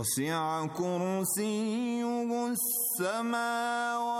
وسع كرسيه السماوات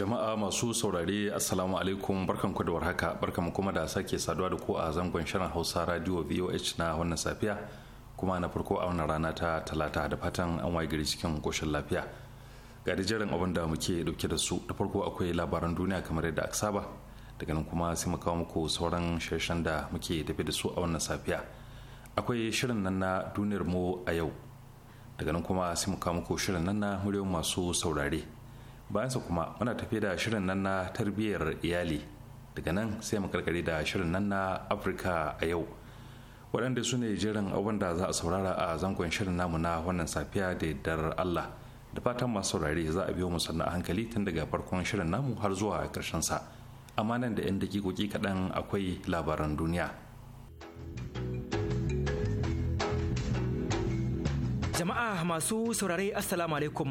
jama'a masu saurare assalamu alaikum barkan ku da warhaka barkan kuma da sake saduwa da ku a zangon shirin hausa radio voh na wannan safiya kuma na farko a wannan rana ta talata da fatan an waye gari cikin koshin lafiya ga jiran abin da muke dauke da su da farko akwai labaran duniya kamar yadda aka saba daga nan kuma sai mu kawo muku sauran shirshen da muke tafi da su a wannan safiya akwai shirin nan na duniyar mu a yau daga nan kuma sai mu kawo muku shirin nan na muryoyin masu saurare bayan su kuma muna tafi da shirin nan na tarbiyyar iyali daga nan sai mu karkare da shirin nan na afirka a yau waɗanda su ne jerin abin da za a saurara a zangon shirin namu na wannan safiya da dar allah da fatan masu saurare za a biyo mu sannan hankali tun daga farkon shirin namu har zuwa karshen sa amma nan da 'yan dakikoki kaɗan akwai labaran duniya jama'a masu saurare assalamu alaikum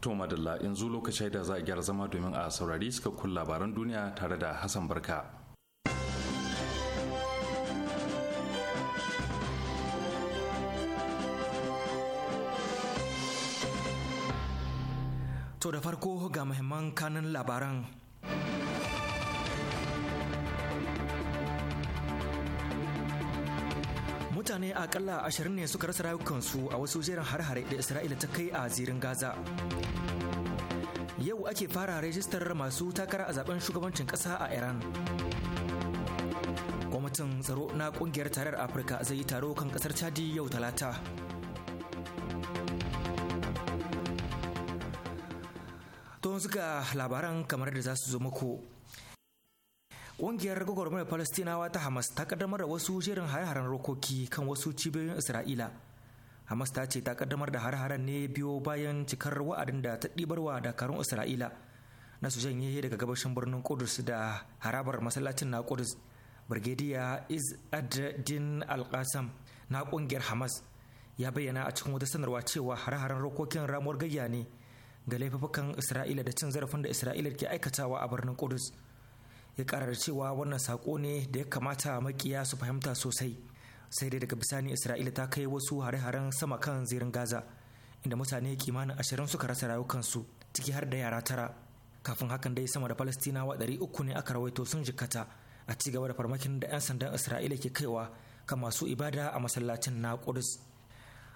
To madalla yanzu lokacin da za a gyara zama domin a saurari suka kun labaran duniya tare da Hassan Barka. To da farko ga muhimman kanin labaran. mutane akalla ashirin ne suka rasa rayukansu a wasu jerin har-hare da isra'ila ta kai a zirin gaza yau ake fara rajistar masu takara a zaben shugabancin kasa a iran gwamnatin tsaro na kungiyar tarar afirka zai yi taro kan kasar chadi yau talata to suka labaran kamar da za su zo muku Ƙungiyar gwagwarmayar Falastinawa ta Hamas ta kaddamar da wasu jerin hare-haren rokoki kan wasu cibiyoyin Isra'ila. Hamas ta ce ta kaddamar da hare-haren ne biyo bayan cikar wa'adin da ta ɗibarwa dakarun Isra'ila na su janye daga gabashin birnin Kudus da harabar masallacin na Kudus. Birgediya Iz Ad-Din al na ƙungiyar Hamas ya bayyana a cikin wata sanarwa cewa hare-haren rokokin ramuwar gayya ne ga laifukan Isra'ila da cin zarafin da Isra'ila ke aikatawa a birnin Kudus. ya karar cewa wannan sako ne da ya kamata makiya su fahimta sosai sai dai daga bisani isra'ila ta kai wasu hare-haren sama kan zirin gaza inda mutane kimanin ashirin suka rasa rayukansu ciki har da yara tara kafin hakan dai sama da falastinawa ɗari uku ne aka rawaito sun jikkata a ci gaba da farmakin da 'yan sandan isra'ila ke kaiwa kan masu ibada a masallacin na kudus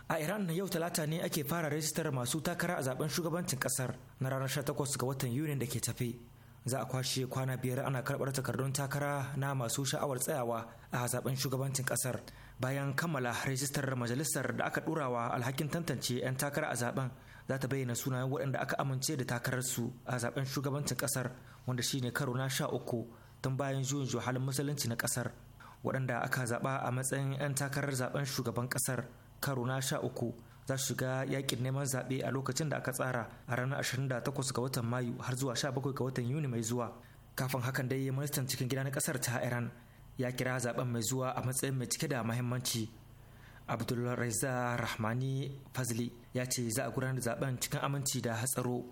a iran na yau talata ne ake fara rajistar masu takara a zaben shugabancin kasar na ranar 18 ga watan yuni da ke tafe za a kwashe kwana biyar ana karɓar takardun takara na masu sha'awar tsayawa a zaben shugabancin ƙasar bayan kammala rajistar majalisar da aka ɗurawa alhakin tantance 'yan takara a zaben za ta bayyana sunayen waɗanda aka amince da takararsu a zaben shugabancin ƙasar wanda shine karo na sha uku tun bayan juyin halin musulunci na ƙasar waɗanda aka zaɓa a matsayin 'yan takarar zaben shugaban ƙasar karo na sha uku za su shiga yakin neman zaɓe a lokacin da aka tsara a ranar 28 ga watan mayu har zuwa 17 ga watan yuni mai zuwa kafin hakan dai ministan cikin gida na kasar ta iran ya kira zaben mai zuwa a matsayin mai cike da mahimmanci abdulraiza rahmani fazli ya ce za a gudanar da zaben cikin aminci da hatsaro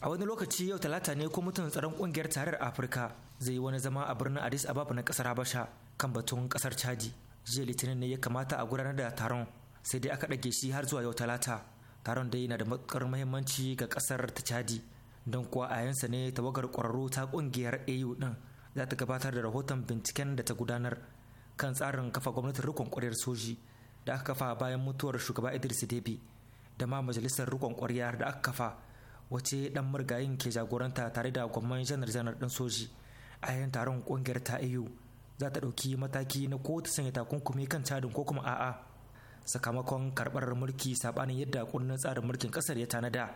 a wani lokaci yau talata ne ko mutum tsaron kungiyar tarayyar afirka zai yi wani zama a birnin addis ababa na kasar habasha kan batun kasar chadi jiya litinin ne ya kamata a gudanar da taron sai dai aka ɗage shi har zuwa yau talata taron dai na da matuƙar mahimmanci ga ƙasar ta chadi don kuwa a yansa ne tawagar ƙwararru ta ƙungiyar au ɗin za ta gabatar da rahoton binciken da ta gudanar kan tsarin kafa gwamnatin rikon kwaryar soji da aka kafa bayan mutuwar shugaba idris debi da ma majalisar rikon kwarya da aka kafa wace ɗan murgayin ke jagoranta tare da gwamnan janar janar ɗin soji a yayin taron ƙungiyar ta au za ta ɗauki mataki na ko ta sanya takunkumi kan cadin ko kuma a'a sakamakon karbar mulki saɓanin yadda kunnan tsarin mulkin kasar ya tanada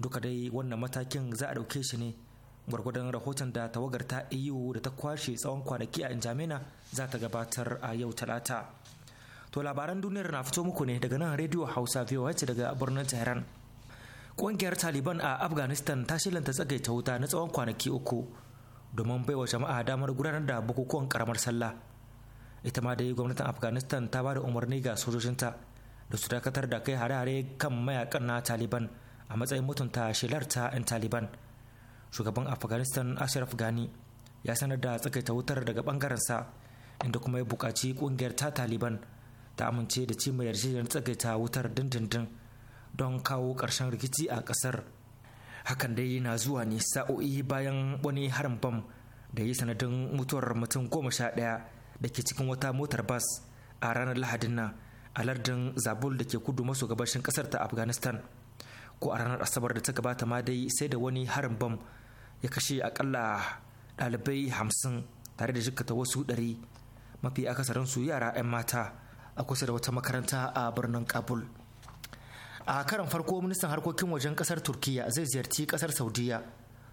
duka dai wannan matakin za a dauke shi ne gwargwadon rahoton da tawagar ta eu da ta kwashe tsawon kwanaki a injamina za ta gabatar a yau talata to labaran duniyar na fito muku ne daga nan rediyo hausa voh daga birnin tehran ƙungiyar taliban a afghanistan ta shilanta tsagaita wuta na tsawon kwanaki uku domin baiwa jama'a damar gudanar da bukukuwan karamar sallah ita ma dai gwamnatin afghanistan ta ba da umarni ga sojojinta da su dakatar da kai hare-hare kan mayakan na taliban a matsayin mutunta shelar ta 'yan taliban shugaban afghanistan ashraf ghani ya sanar da tsakaita wutar daga bangarensa inda kuma ya buƙaci kungiyar ta taliban ta amince da ci mai yarjejeniyar tsakaita wutar dindindin don kawo karshen rikici a ƙasar hakan dai na zuwa ne sa'o'i bayan wani harin bam da yi sanadin mutuwar mutum goma sha ɗaya da ke cikin wata motar bas a ranar lahadin nan a lardin zabul da ke kudu maso gabashin kasar ta afghanistan ko a ranar asabar da ta gabata ma dai sai da wani harin bam ya kashe akalla ɗalibai hamsin tare da jikata wasu ɗari mafi akasarinsu yara 'yan mata a kusa da wata makaranta a birnin kabul a karan farko ministan harkokin wajen kasar turkiya zai ziyarci kasar saudiya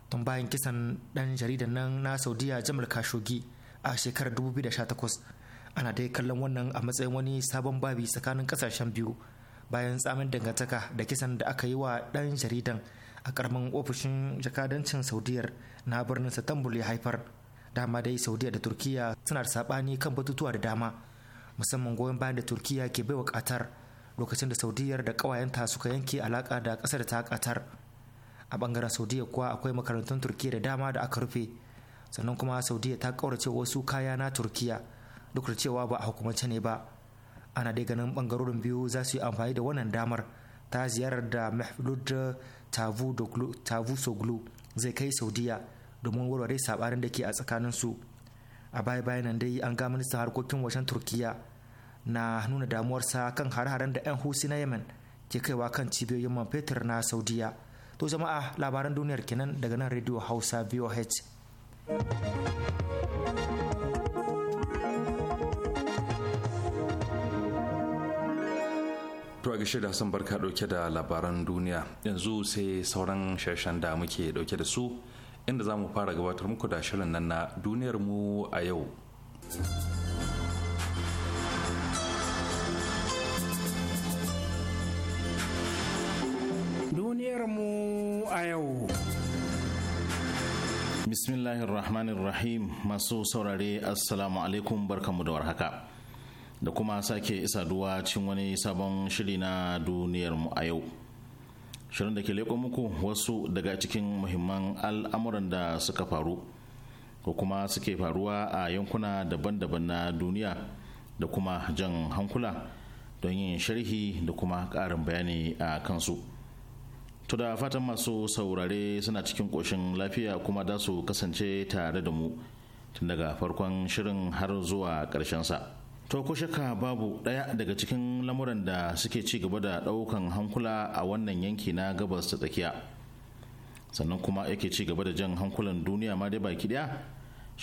tun bayan kisan dan jaridan nan na saudiya jamal khashoggi a shekarar 2018 ana dai kallon wannan a matsayin wani sabon babi tsakanin kasashen biyu bayan tsamin dangantaka da kisan da aka yi wa ɗan jaridan a karamin ofishin jakadancin saudiyar na birnin satambul ya haifar dama dai saudiya da turkiya suna da saɓani kan batutuwa da dama musamman goyon bayan da turkiya ke baiwa katar lokacin da saudiyar da kawayenta suka yanke alaka da da ta katar a bangaren saudiya kuwa akwai makarantun turkiya da dama da aka rufe sannan kuma saudiya ta kaurace wasu kaya na turkiya duk da cewa ba a hukumance ne ba ana dai ganin bangarorin biyu za su yi amfani da wannan damar ta ziyarar da tavu soglu zai kai saudiya domin warware sabarin da ke a tsakanin su a baya bayan nan dai an ga ministan harkokin wajen turkiya na nuna damuwarsa kan har haren da 'yan husi na yemen ke kaiwa kan cibiyoyin man fetur na saudiya to jama'a labaran duniyar kenan daga nan radio hausa voh To ga da Hassan barka dauke da labaran duniya yanzu sai sauran sharshen da muke dauke da su inda za mu fara gabatar muku da shirin nan na duniyar mu a yau. Duniyar mu a yau. Bismillahirrahmanirrahim masu saurare assalamu alaikum barkamu da warhaka da kuma sake duwa cin wani sabon shiri na duniyarmu a yau. Shirin da ke leƙo muku wasu daga cikin muhimman al'amuran da suka faru ko kuma suke faruwa a yankuna daban-daban na duniya da kuma jan hankula don yin sharhi da kuma ƙarin bayani a kansu. To da fatan masu saurare suna cikin ƙoshin lafiya kuma za su kasance tare da mu tun daga farkon shirin har zuwa karshen sa. To ko shaka babu ɗaya daga cikin lamuran da suke ci gaba da ɗaukan hankula a wannan yanki na gabas ta tsakiya. Sannan kuma yake ci gaba da jan hankulan duniya ma dai baki ɗaya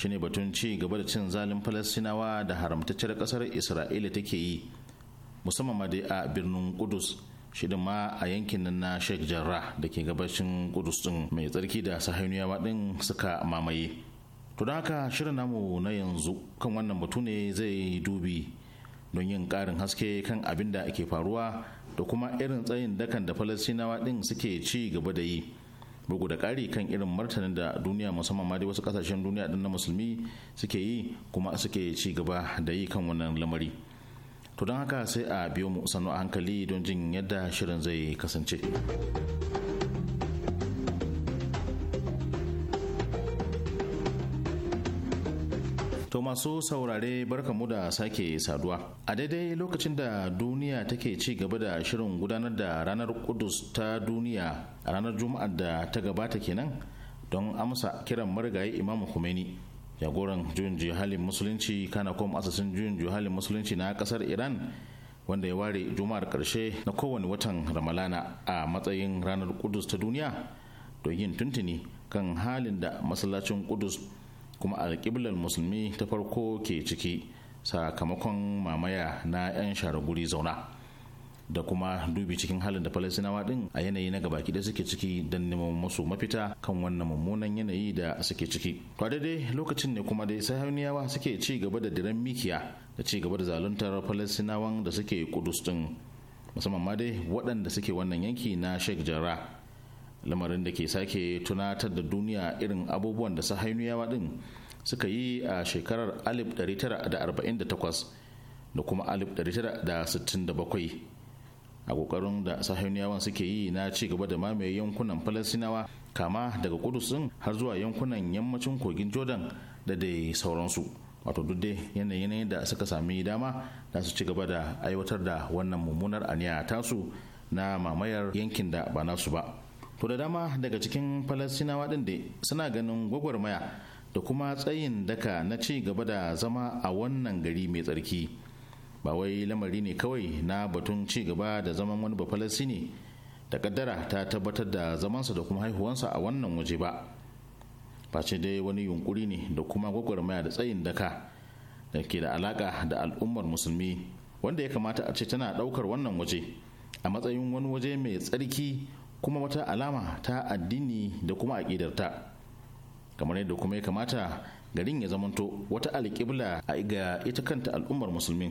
ne batun ci gaba da cin zalin Falasinawa da haramtacciyar ƙasar Isra'ila take yi musamman ma dai a birnin Kudus. shi ma a yankin nan na sheikh jarrah da ke gabashin kudus din mai tsarki da sahayuniyawa din suka mamaye to don haka shirin namu na yanzu kan wannan batu ne zai dubi don yin karin haske kan abin da ke faruwa da kuma irin tsayin dakan da falasinawa din suke ci gaba da yi bugu da kari kan irin martanin da duniya musamman ma dai wasu kasashen duniya din na musulmi suke yi kuma suke ci gaba da yi kan wannan lamari to don haka sai a biyo mu sannu a hankali don jin yadda shirin zai kasance To masu saurare mu da sake saduwa. A daidai lokacin da duniya take ci gaba da shirin gudanar da ranar Kudus ta duniya a ranar Juma'ar da ta gabata kenan don amsa kiran marigayi Imam Khomeini. jagoran juyin juhalin musulunci kana kuma asasin juyin juhalin musulunci na kasar iran wanda ya ware juma'ar karshe na kowane watan ramalana a matsayin ranar kudus ta duniya don yin tuntuni kan halin da masallacin kudus kuma alkiblar musulmi ta farko ke ciki sakamakon mamaya na 'yan shara guri zauna da kuma dubi cikin halin da falasinawa din a yanayi na gabaki da suke ciki don neman musu mafita kan wannan mummunan yanayi da suke ciki to daidai lokacin ne kuma dai sahiyoniyawa suke ci gaba da diran mikiya da ci gaba da zaluntar falasinawan da suke kudus din musamman ma dai waɗanda suke wannan yanki na sheikh jara lamarin da ke sake tunatar da duniya irin abubuwan da sahayuniyawa din suka yi a shekarar 1948 da kuma 1967 a kokarin da sahiyoniyawan suke yi na ci gaba da mamaye yankunan falasinawa kama daga kudus din har zuwa yankunan yammacin kogin jordan da dai sauransu wato duk dai yanayin da suka sami dama da su ci gaba da aiwatar da wannan mummunar aniya tasu na mamayar yankin da ba nasu ba to da dama daga cikin falasinawa din dai suna ganin gwagwarmaya da kuma tsayin daka na ci gaba da zama a wannan gari mai tsarki ba wai lamari ne kawai na batun ci gaba da zaman wani ne da kaddara ta tabbatar da zamansa da kuma haihuwansa a wannan waje ba face dai wani yunkuri ne da kuma gwagwarmaya da tsayin daka da ke da alaka da al'ummar musulmi wanda ya kamata a ce tana daukar wannan waje a matsayin wani waje mai tsarki kuma wata alama ta addini da kuma aƙidarta kamar yadda kuma ya kamata garin ya zamanto wata alƙibla a ga ita kanta al'ummar musulmin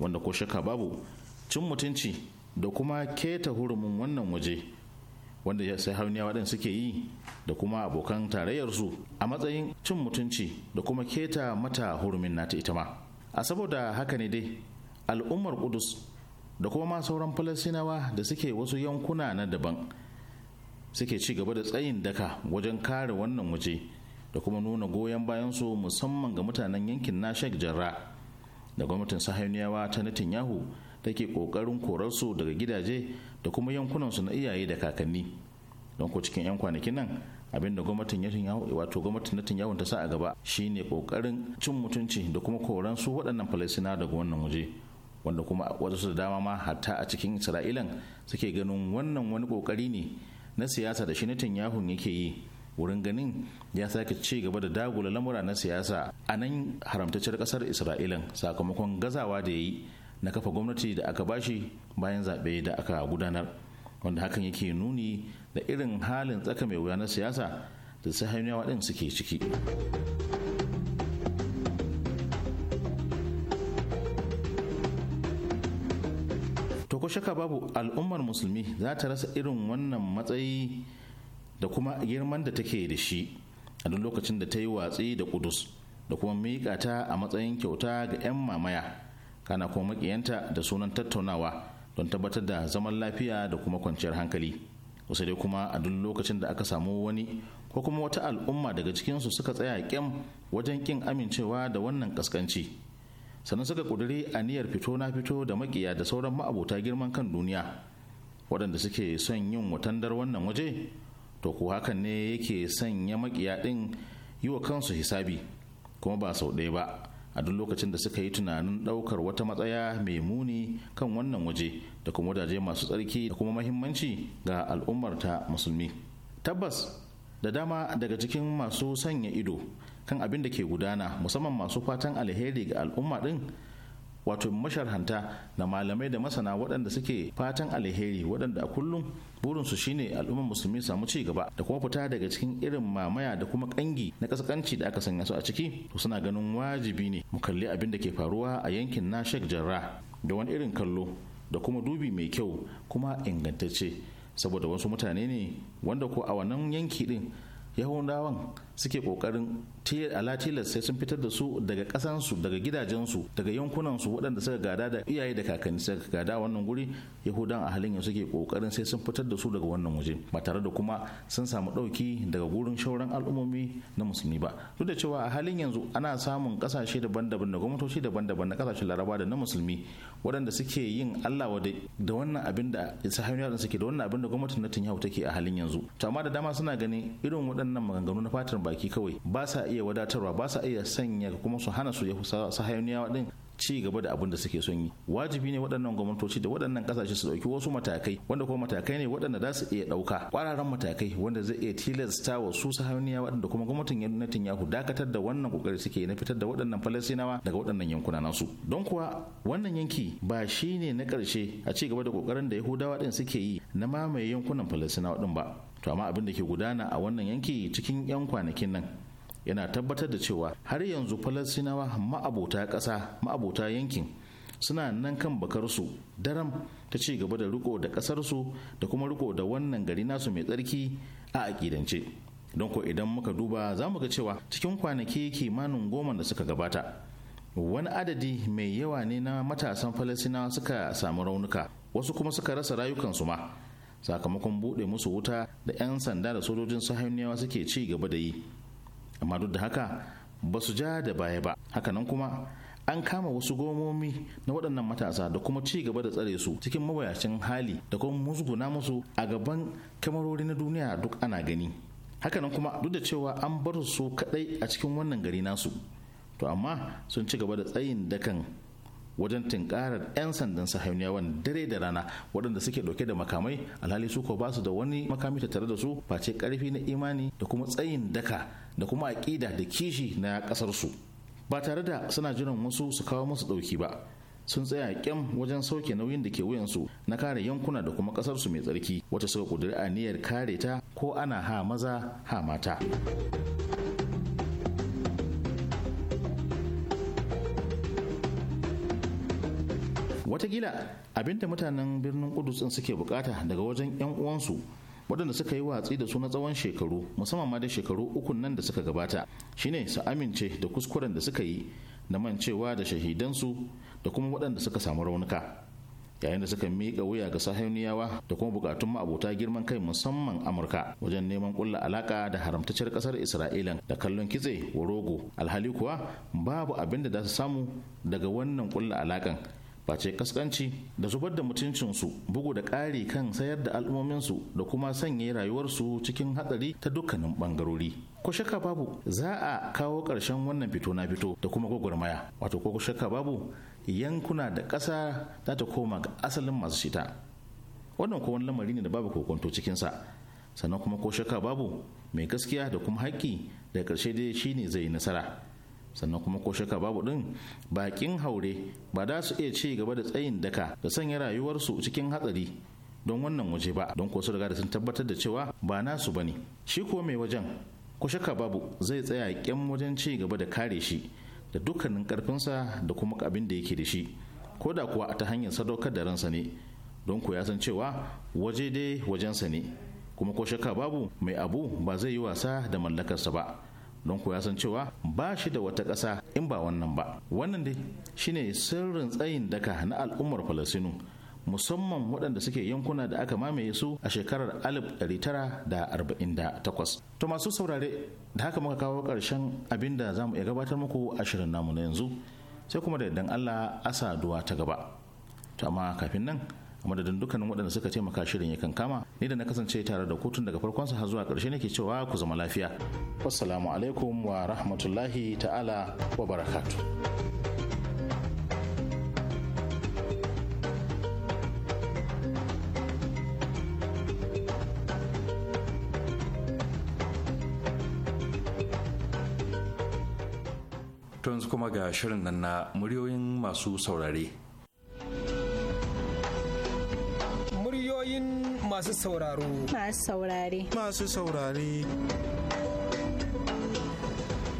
wanda ko shaka babu cin mutunci da kuma keta hurumin wannan waje wanda ya sai hauniya waɗin suke yi da kuma abokan tarayyarsu a matsayin cin mutunci da kuma keta mata hurumin nata ita ma a saboda haka ne dai al'ummar kudus da kuma ma sauran falasinawa da suke wasu yankuna na daban suke ci gaba da tsayin daka wajen kare wannan waje da kuma nuna goyon bayansu musamman ga mutanen yankin shek jarra da gwamnatin sahayuniyawa ta Netanyahu ke kokarin korarsu daga gidaje da kuma yankunansu na iyaye da kakanni don ko cikin 'yan kwanakin nan abin da gwamnatin Netanyahu wato gwamnatin Netanyahu ta sa a gaba shine kokarin cin mutunci da kuma koran su waɗannan Falasina daga wannan waje wanda kuma wasu da dama ma hatta a cikin Isra'ilan suke ganin wannan wani kokari ne na siyasa da shi Netanyahu yake yi wurin ganin ya sake ci gaba da dagula lamura na siyasa a nan haramtacciyar kasar isra'ilan sakamakon gazawa da ya yi na kafa gwamnati da aka bashi bayan zaɓe da aka gudanar wanda hakan yake nuni da irin halin tsaka mai wuya na siyasa da sahaniyawa ɗin suke ciki to ko shaka babu al'ummar musulmi za ta rasa irin wannan matsayi da kuma girman da take da shi a duk lokacin da ta yi watsi da kudus da kuma miƙa ta a matsayin kyauta ga 'yan mamaya kana kuma makiyanta da sunan tattaunawa don tabbatar da zaman lafiya da kuma kwanciyar hankali wasu dai kuma a duk lokacin da aka samu wani ko kuma wata al'umma daga cikinsu suka tsaya kyam wajen kin amincewa da wannan kaskanci sannan suka ƙudiri aniyar fito na fito da makiya da sauran ma'abota girman kan duniya waɗanda suke son yin watandar wannan waje to ko hakan ne yake sanya makiya din yi wa kansu hisabi kuma ba sau ɗaya ba a duk lokacin da suka yi tunanin ɗaukar wata matsaya mai muni kan wannan waje da kuma wajaje masu tsarki da kuma mahimmanci ga al'ummar ta musulmi tabbas da dama daga cikin masu sanya ido kan abin da ke gudana musamman masu fatan alheri ga al'umma ɗin wato masharhanta da malamai da masana waɗanda suke fatan alheri waɗanda a kullum burinsu shine al'ummar musulmi samu ci gaba da kuma fita daga cikin irin mamaya da kuma ƙangi na ƙasƙanci da aka sanya su a ciki to suna ganin wajibi ne mu kalli abin da ke faruwa a yankin na Sheikh Jarrah da wani irin kallo da kuma dubi mai kyau kuma ingantacce saboda wasu mutane ne wanda ko a wannan yanki din yahudawan suke kokarin ala tilas sai sun fitar da su daga kasansu daga gidajensu daga yankunansu waɗanda suka gada da iyaye da kakanni suka gada wannan guri yahudan a halin yanzu suke kokarin sai sun fitar da su daga wannan waje ba tare da kuma sun samu ɗauki daga gurin shauran al'ummomi na musulmi ba duk da cewa a halin yanzu ana samun kasashe daban-daban da gwamnatoci daban-daban na kasashe laraba da na musulmi waɗanda suke yin allah da wannan abin da sahabiyan suke da wannan abin da gwamnatin na tinyahu take a halin yanzu to amma da dama suna ganin irin waɗannan maganganu na fatar baki kawai ba sa iya wadatarwa ba sa iya sanya kuma su hana su sahayoniyawa din ci gaba da abin da suke son yi wajibi ne waɗannan gwamnatoci da waɗannan ƙasashe su ɗauki wasu matakai wanda kuma matakai ne waɗanda za su iya ɗauka ƙwararren matakai wanda zai iya tilasta wa su sahaniya waɗanda kuma gwamnatin yanatin yahu dakatar da wannan ƙoƙari suke na fitar da waɗannan falasinawa daga waɗannan yankuna nasu don kuwa wannan yanki ba shi ne na ƙarshe a ci gaba da ƙoƙarin da yahudawa ɗin suke yi na mamaye yankunan falastinawa ɗin ba to amma abin da ke gudana a wannan yanki cikin 'yan kwanakin nan yana tabbatar da cewa har yanzu falasinawa ma'abota ƙasa ma'abota yankin suna nan kan bakarsu daram ta ci gaba da riko da ƙasarsu da kuma riko da wannan gari nasu mai tsarki a aƙidance don ko idan muka duba za mu ga cewa cikin kwanaki kimanin goma da suka gabata wani adadi mai yawa ne na matasan falasinawa suka samu raunuka wasu kuma suka rasa rayukansu ma sakamakon buɗe musu wuta da 'yan sanda da sojojin sahiyoniyawa suke ci gaba da yi amma duk da haka ba su ja da baya ba hakanan kuma an kama wasu gomomi na waɗannan matasa da kuma ci gaba da tsare su cikin mawayacin hali da kuma musguna musu a gaban kamarori na duniya duk ana gani hakanan kuma duk da cewa an bar su kaɗai a cikin wannan gari nasu to amma sun ci gaba da tsayin dakan wajen tinkarar 'yan sandan sahayuniya wani dare da rana waɗanda suke ɗauke da makamai alhali su ko ba su da wani makami tare da su face ƙarfi na imani da kuma tsayin daka da kuma aƙida da kishi na ƙasarsu ba tare da suna jiran wasu su kawo musu ɗauki ba sun tsaya kyam wajen sauke nauyin da ke wuyansu na kare yankuna da kuma ƙasarsu mai tsarki wata suka ƙudiri aniyar kare ta ko ana ha maza ha mata. watakila abinda mutanen birnin kudus din suke bukata daga wajen yan uwansu waɗanda suka yi watsi da su na tsawon shekaru musamman ma da shekaru uku nan da suka gabata shine su amince da kuskuren da suka yi da mancewa da shahidansu da kuma waɗanda suka samu raunuka yayin da suka mika wuya ga sahiyoniyawa da kuma bukatun ma'abota girman kai musamman amurka wajen neman kulla alaka da haramtacciyar ƙasar isra'ila da kallon kitse wa rogo alhali kuwa babu abin da za su samu daga wannan kulla alakan face kaskanci da zubar da mutuncinsu bugu da ƙari kan sayar da al'ummominsu da kuma sanya rayuwarsu cikin hatsari ta dukkanin bangarori ko shakka babu za a kawo ƙarshen wannan fito na fito da kuma gwagwarmaya wato ko shakka babu yankuna da ƙasa za ta koma ga asalin masu shita wannan ko wani lamari ne da babu kokonto cikinsa sannan kuma ko shakka babu mai gaskiya da kuma haƙƙi da ƙarshe dai shine zai yi nasara sannan kuma ko shaka babu din bakin haure ba da su iya ci gaba da tsayin daka da sanya rayuwarsu cikin hatsari don wannan waje ba don ko su riga da sun tabbatar da cewa ba nasu bane shi ko mai wajen ko shaka babu zai tsaya kyan wajen ci gaba da kare shi da dukkanin karfinsa da kuma abin da yake da shi ko da kuwa ta hanyar sadaukar da ransa ne don ko ya san cewa waje dai wajensa ne kuma ko shaka babu mai abu ba zai yi wasa da mallakarsa ba don ko ya san cewa ba shi da wata ƙasa in ba wannan ba wannan dai shine sirrin tsayin daka na al'ummar falasinu musamman waɗanda suke yankuna da aka mamaye su a shekarar 1948. To masu saurare da haka muka kawo ƙarshen abin da za mu iya gabatar muku a shirin namu na yanzu sai kuma da yardan Allah asaduwa duwa ta gaba. To amma kafin nan madadin dukkanin waɗanda suka taimaka shirin ya kama ni da na kasance tare da kotun daga farkon sa har zuwa ƙarshe nake cewa ku zama lafiya wassalamu alaikum wa rahmatullahi ta'ala wa barakatu. yanzu kuma ga shirin nan na muryoyin masu saurare. masu sauraro masu saurare masu saurare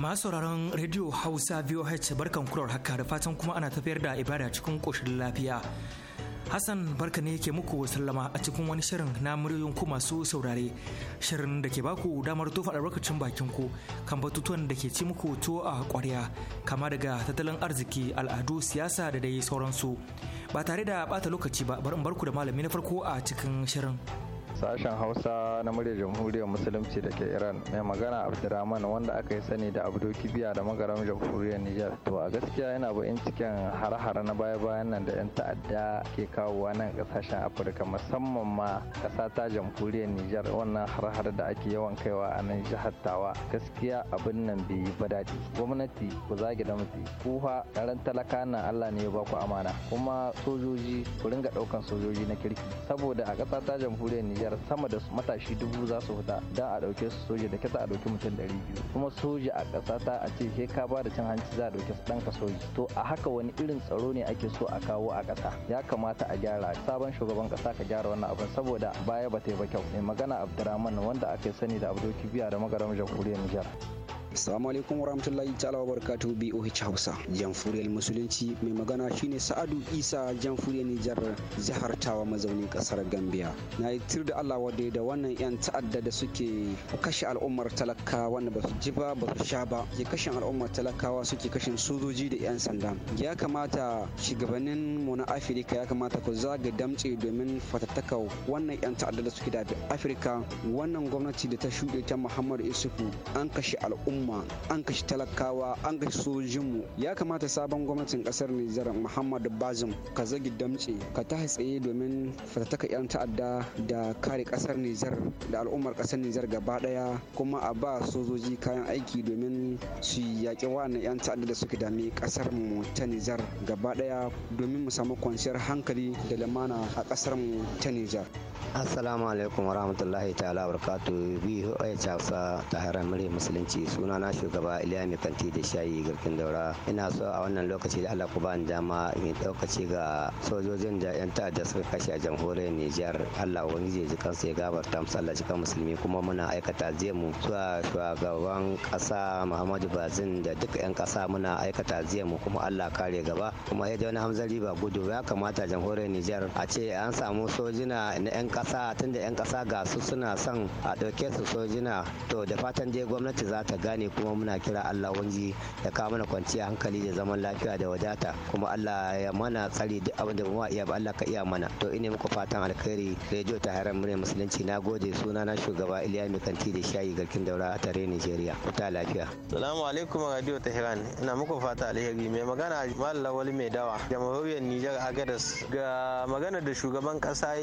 masu sauraron rediyo hausa voh barkan kurar haka da fatan kuma ana tafiyar da ibada cikin koshin lafiya Hassan barka ne yake muku sallama a cikin wani shirin na muryoyin ku masu saurare. Shirin da ke baku damar tofa albarkacin bakin ku kan batutuwan da ke ci muku tuwo a kwarya kama daga tattalin arziki, al'adu, siyasa da dai sauransu. Ba tare da bata lokaci ba bar in barku da malami na farko a cikin shirin. sashen hausa na murya jamhuriyar musulunci da ke iran mai magana abdurrahman wanda aka yi sani da abdo kibiya da magaram jamhuriyar niger to a gaskiya yana bayan cikin har-har na baya-bayan nan da 'yan ta'adda ke kawowa nan kasashen afirka musamman ma kasa ta jamhuriyar niger wannan har-har da ake yawan kaiwa a nan jihar tawa gaskiya abin nan bai ba daɗi gwamnati ku zagi da mutu ku fa talaka nan allah ne ya ba ku amana kuma sojoji ku ringa ɗaukan sojoji na kirki saboda a kasa ta jamhuriyar niger biyar sama da matashi dubu za su fita don a ɗauke su soja da kasa a ɗauki mutum ɗari biyu kuma soja a kasa ta a ce he ka ba da cin hanci za a ɗauke su danka soji to a haka wani irin tsaro ne ake so a kawo a ƙasa ya kamata a gyara sabon shugaban ƙasa ka gyara wannan abin saboda baya ba ta yi ba kyau mai magana abdurrahman wanda aka sani da abdul kibiya da magaram jamhuriyar nijar. Assalamu alaikum warahmatullahi ta'ala wabarakatuh BOH Hausa. Jamhuriyar Musulunci mai magana shine Sa'adu Isa Jamhuriyar Nijar jihar Tawa mazaunin kasar Gambia. Na yi tir da Allah wadda da wannan yan ta'adda da suke kashe al'ummar talaka wanda ba su ji ba ba su sha ba. Ke kashe al'ummar talakawa suke kashe sojoji da yan sanda. Ya kamata shugabannin mu na Afirika ya kamata ku zaga damtse domin fatattakau wannan yan ta'adda da suke da Afirika. wannan gwamnati da ta shuɗe ta Muhammadu Isufu an kashe al'umma al'umma an kashi talakawa an kashi sojinmu ya kamata sabon gwamnatin kasar nijar muhammadu bazum ka zagi damtse ka ta tsaye domin fatattaka 'yan ta'adda da kare kasar nijar da al'ummar kasar nijar gaba daya kuma a ba sojoji kayan aiki domin su yaƙi wa'annan 'yan ta'adda da suke dami kasar mu ta nijar gaba daya domin mu samu kwanciyar hankali da lamana a kasar mu ta nijar assalamu alaikum warahmatullahi ta'ala barkatu biyu hausa ta hira murya musulunci suna sunana shugaba iliya mai kanti da shayi garkin daura ina so a wannan lokaci da allah ku ba dama in ɗaukaci ga sojojin da yan ta'adda suka kashe a jamhuriyar nijar allah wani zai ji kansa ya gabata musu allah cikin musulmi kuma muna aikata zai mu zuwa shugaban ƙasa muhammadu bazin da duk yan kasa muna aikata zai mu kuma allah kare gaba kuma ya da wani hamzari ba gudu ya kamata jamhuriyar nijar a ce an samu sojina na yan kasa tunda yan kasa ga su suna son a dauke su sojina to da fatan dai gwamnati za ta gane ne kuma muna kira Allah wangi ya kawo mana kwanciya hankali da zaman lafiya da wadata kuma Allah ya mana tsari duk abin da ba iya ba Allah ka iya mana to ina muku fatan alkhairi radio ta haram mure musulunci na gode suna na shugaba Iliya Kanti da shayi garkin daura a tare Nigeria ku ta lafiya assalamu alaikum radio haram ina muku fata alheri mai magana Malam Lawali mai dawa jamhuriyar Niger Agadas ga magana da shugaban kasa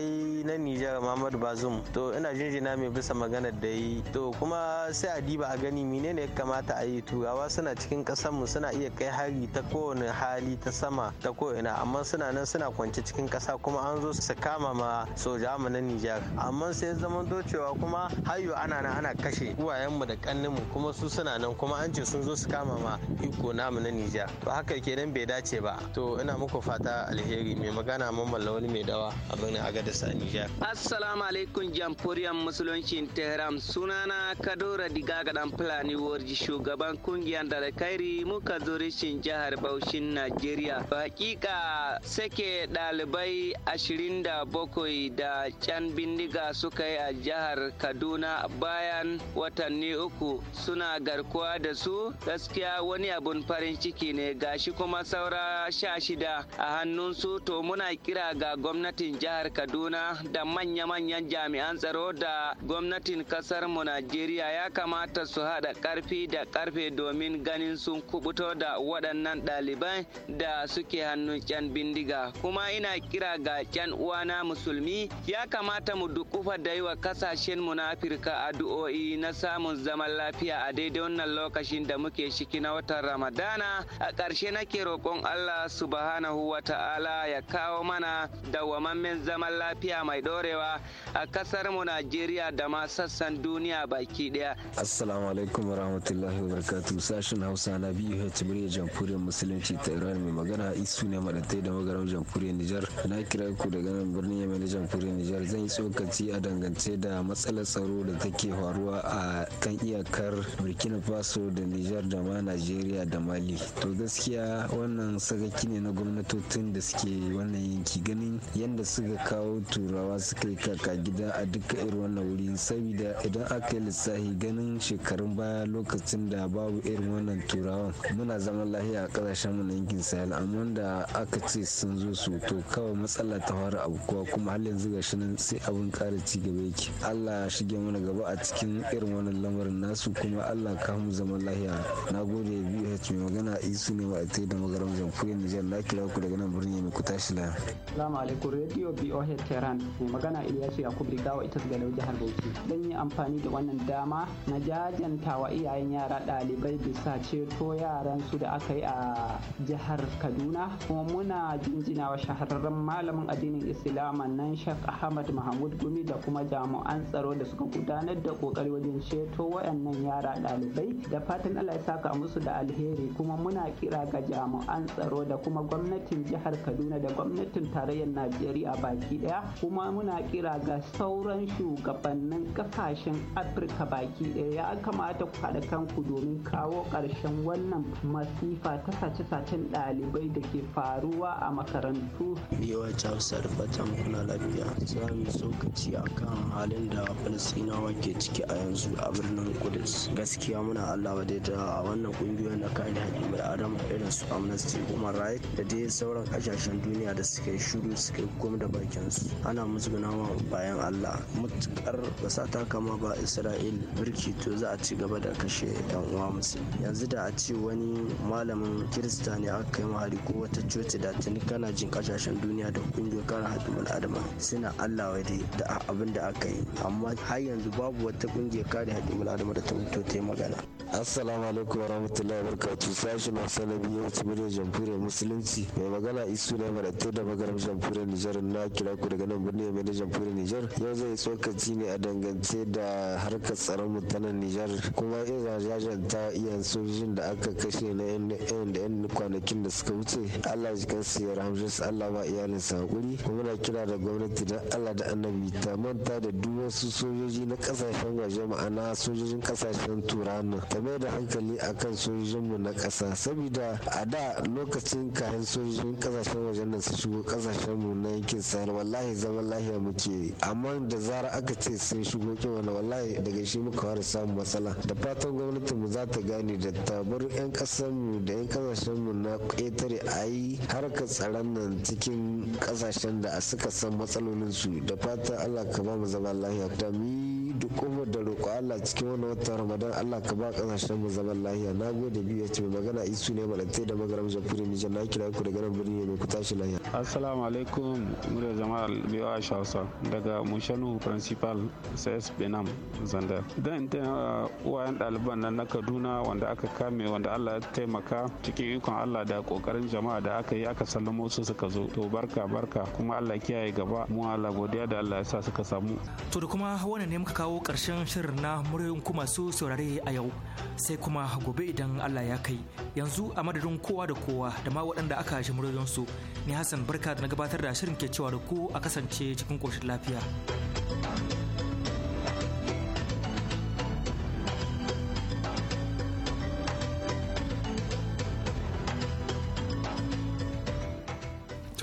na Niger Muhammadu Bazoum to ina jinjina mai bisa maganar da yi to kuma sai a diba a gani menene ya kamata a yi turawa suna cikin mu suna iya kai hari ta kowane hali ta sama ta ko'ina amma suna nan suna kwance cikin ƙasa kuma an zo su kama ma soja mu na Nijar amma sai zaman cewa kuma hayo ana nan ana kashe mu da mu kuma su suna nan kuma an ce sun zo su kama ma iko namu na Nijar to haka kenan bai dace ba to ina muku fata alheri mai magana mamman wani mai dawa a birnin Agadis a Nijar assalamu alaikum jamhuriyar musuluncin Tehran sunana Kadora Diga ga dan Fulani shugaban kungiyar kairi muka zo zurishin jihar Baushin Najeriya. Hakika sake ɗalibai ashirin da bakwai da can bindiga suka yi a jihar Kaduna bayan watanni uku suna garkuwa da su gaskiya wani abun farin ciki ne gashi kuma saura sha shida a hannunsu to muna kira ga gwamnatin jihar Kaduna da manya-manyan jami'an tsaro da gwamnatin kasar mu Najeriya ya kamata su haɗa ƙarfi karfi da karfe domin ganin sun kubuto da waɗannan ɗaliban da suke hannun kyan bindiga kuma ina kira ga kyan uwana musulmi ya kamata mu dukufa da yi wa kasashen mu na afirka addu'o'i na samun zaman lafiya a daidai wannan lokacin da muke ciki na watan ramadana a ƙarshe nake roƙon allah subhanahu wa ta'ala ya kawo mana dawwamammen zaman lafiya mai ɗorewa a ƙasar mu najeriya da ma sassan duniya baki ɗaya assalamu alaikum rahmatullahi wa barakatuh sashen hausa na biyu ya murya jamhuriyar musulunci ta iran mai magana isu ne madatai da magaran jamhuriyar nijar na kira ku daga nan birnin yamai na jamhuriyar nijar zan yi tsokaci a dangance da matsalar tsaro da take faruwa a kan iyakar burkina faso da nijar da ma najeriya da mali to gaskiya wannan sakaki ne na gwamnatocin da suke wannan yanki ganin yadda suka kawo turawa suka yi kaka gida a duka irin wannan wuri saboda idan aka yi lissafi ganin shekarun baya lokacin lokacin da babu irin wannan turawan muna zaman lahiya a kasashen mu na yankin sahel amma da aka ce sun zo su to kawai matsala ta fara abubuwa kuma har yanzu ga shi nan sai abun kara ci gaba yake allah ya shige mana gaba a cikin irin wannan lamarin nasu kuma allah ka mu zaman lahiya na gode biyu mai magana isu ne ba a da magaram jamhuriyar nijar na kira ku daga nan birni mai ku tashi la. salamu alaikum radio boh tehran mai magana iliyasu yakubu gawa ita daga jihar bauchi zan yi amfani da wannan dama na jajantawa iya kayan yara ɗalibai bisa ceto yaransu da aka yi a jihar kaduna kuma muna jinjina wa shahararren malamin addinin islama nan shek ahmad mahmud gumi da kuma jami'an tsaro da suka gudanar da kokari wajen ceto wayannan yara ɗalibai da fatan allah ya saka musu da alheri kuma muna kira ga jami'an tsaro da kuma gwamnatin jihar kaduna da gwamnatin tarayyar najeriya baki ɗaya kuma muna kira ga sauran shugabannin kasashen afirka baki ɗaya ya kamata ku haɗa kanku domin kawo ƙarshen wannan masifa ta sace-sacen ɗalibai da ke faruwa a makarantu. Biyawa Hausa da fatan kuna lafiya za mu a kan halin da Falasinawa ke ciki a yanzu a birnin Kudus. Gaskiya muna Allah wadai A wannan ƙungiyoyin na kare haƙƙin adama irin su Amnesty Human Rights da dai sauran ƙasashen duniya da suka yi shiru suka yi da bakin su. Ana musguna ma bayan Allah. Mutuƙar ba sa takama ba Isra'il birki to za a ci gaba da kashe kashe yan uwa musulmi yanzu da a ce wani malamin kirista ne aka kai mahari ko wata coci da tuni kana jin kasashen duniya da kungiyar kare haɗin al'adama suna allah wadai da abin da aka yi amma har yanzu babu wata kungiyar kare haɗin al'adama da ta mutu ta yi magana assalamu alaikum wa rahmatullahi wa barakatu sashi na sanabi ya wuce muryar jamhuriyar musulunci mai magana isu na madatau da magana jamhuriyar nijar na kira ku daga nan birnin mai na jamhuriyar nijar yau zai tsokaci ne a dangance da harkar tsaron mutanen nijar kuma zai jajanta iya sojojin da aka kashe na yan da yan kwanakin da suka wuce allah ji kansu ya rahamshe su allah ba sa hakuri kuma na kira da gwamnati da allah da annabi ta manta da duk wasu sojoji na kasashen waje ma'ana sojojin kasashen turana ta mai da hankali akan sojojinmu na kasa saboda a da lokacin kayan sojojin kasashen wajen nan su shigo kasashen na yankin sahel wallahi zaman lahiya muke amma da zara aka ce sun shigo kewa wallahi daga shi muka fara samun matsala da fata fatan gwamnatinmu za ta gane da ta bar 'yan ƙasarmu da 'yan ƙasashenmu na ƙetare a yi harkar tsaron nan cikin ƙasashen da suka san matsalolin su da fatan allah ka ba mu zama lahiya da mi kofar da roƙo Allah cikin wannan watan Ramadan Allah ka ba kasashen mu zaman lahiya na gode biyu ya ce mai magana isu ne maɗantai da magaram jamhuriyar Nijar na kira ku daga nan birni ne ku tashi lahiya. Assalamu alaikum mure jama'ar BOA shausa daga Mushanu principal CS Benam zanda Dan ta uh, uwayen ɗaliban nan na Kaduna wanda aka kame wanda Allah ya taimaka cikin ikon Allah da kokarin jama'a da aka yi aka sallamo su suka zo to barka barka kuma Allah kiyaye gaba mu Allah godiya da Allah ya sa suka samu. To da kuma wannan ne muka kawo karshen shirin na muryoyin masu saurare a yau sai kuma gobe idan Allah ya kai yanzu a madadin kowa da kowa da ma waɗanda aka shi muryoyinsu ni Hassan barka da na gabatar da shirin ke cewa da ku a kasance cikin ƙoshin lafiya.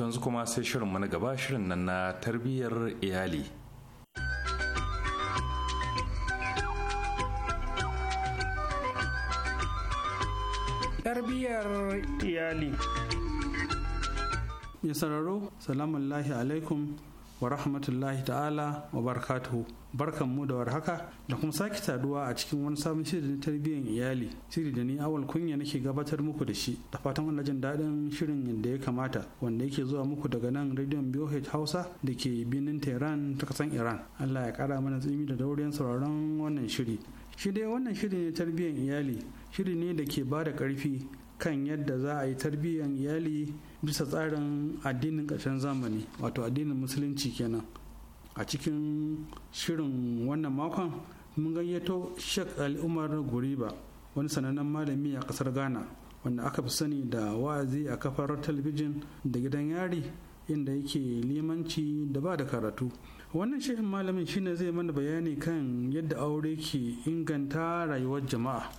yanzu kuma sai shirin mana gaba shirin nan na tarbiyyar iyali tarbiyyar iyali ya sararo salamun lahi alaikum wa rahmatullahi ta'ala wa barakatuhu barkan mu da warhaka da kuma sake saduwa a cikin wani sabon na tarbiyyar iyali shiri da ni awal kunya nake gabatar muku da shi da fatan Allah jin daɗin shirin yadda ya kamata wanda yake zuwa muku daga nan rediyon bioh Hausa da ke birnin Tehran ta kasan Iran Allah ya kara mana tsimi da dauriyar sauraron wannan shiri shi dai wannan shiri ne tarbiyyar iyali shiri ne da ke ba da ƙarfi kan yadda za a yi tarbiyyar iyali bisa tsarin addinin ƙarshen zamani wato addinin musulunci kenan a cikin shirin wannan makon mun gayyato sheikh al'umar guriba wani sanannen malami a ƙasar ghana wanda aka fi sani da wa'azi a kafar talabijin da gidan yari inda yake limanci da ba da karatu wannan shehin malamin shine zai mana bayani kan yadda aure ke inganta rayuwar jama'a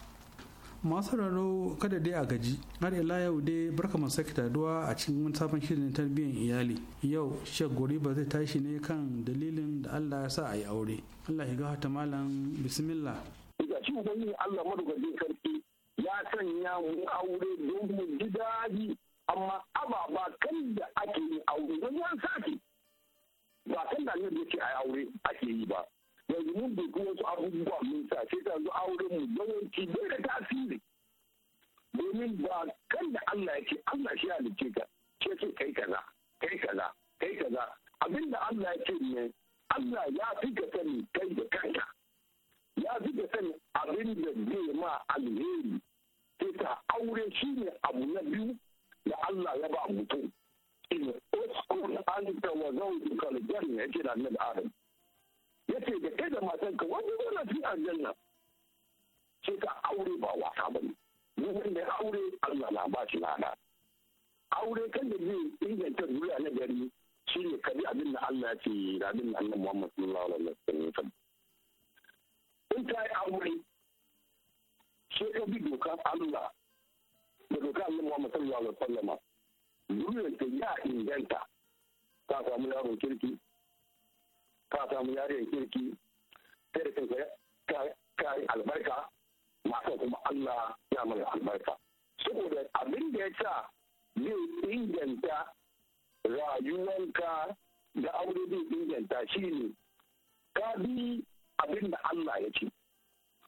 masu raro kada dai a gaji har ila yau dai barka mu sake taduwa a cikin wani sabon shirin tarbiyyar iyali yau shek ba zai tashi ne kan dalilin da allah ya sa a yi aure allah ya gafata malam bismillah ga shi ubangiji allah madogari sarki ya sanya mu aure don mu ji amma ababa kan da ake yi aure wani wani sati ba kan da ne da ce a aure ake yi ba yanzu mun dubi wasu abubuwa mun sa sai ta zo auren mu yawanci bai da tasiri domin ba kan da Allah yake Allah shi halicce ka ce ce kai kaza kai kaza kai kaza abinda Allah yake ne Allah ya fi ka sani kai da kanka ya fi ka sani abin da zai ma alheri sai ta aure shi ne abu na biyu da Allah ya ba mutum in uskun anta wa zawjuka aljanna ya ce da Annabi Adam ya ce da kai da ka wani zana fi aljanna sai ka aure ba wasa ba ne wani da aure Allah na ba shi lada aure kan da zai inganta zuriya na gari ne ka bi abin da Allah ya ce da abin da Allah Muhammad sallallahu alaihi wasallam in ta yi aure sai ka bi dokar Allah da dokar Allah Muhammad sallallahu alaihi wasallam zuriyar ta ya inganta ta samu yaron kirki ka samu yarin kirki sai da ka yi albarka masu kuma Allah ya mai albarka saboda abin da ya sa zai inganta rayuwanka da aure zai inganta shi ne ka bi abin da Allah ya ce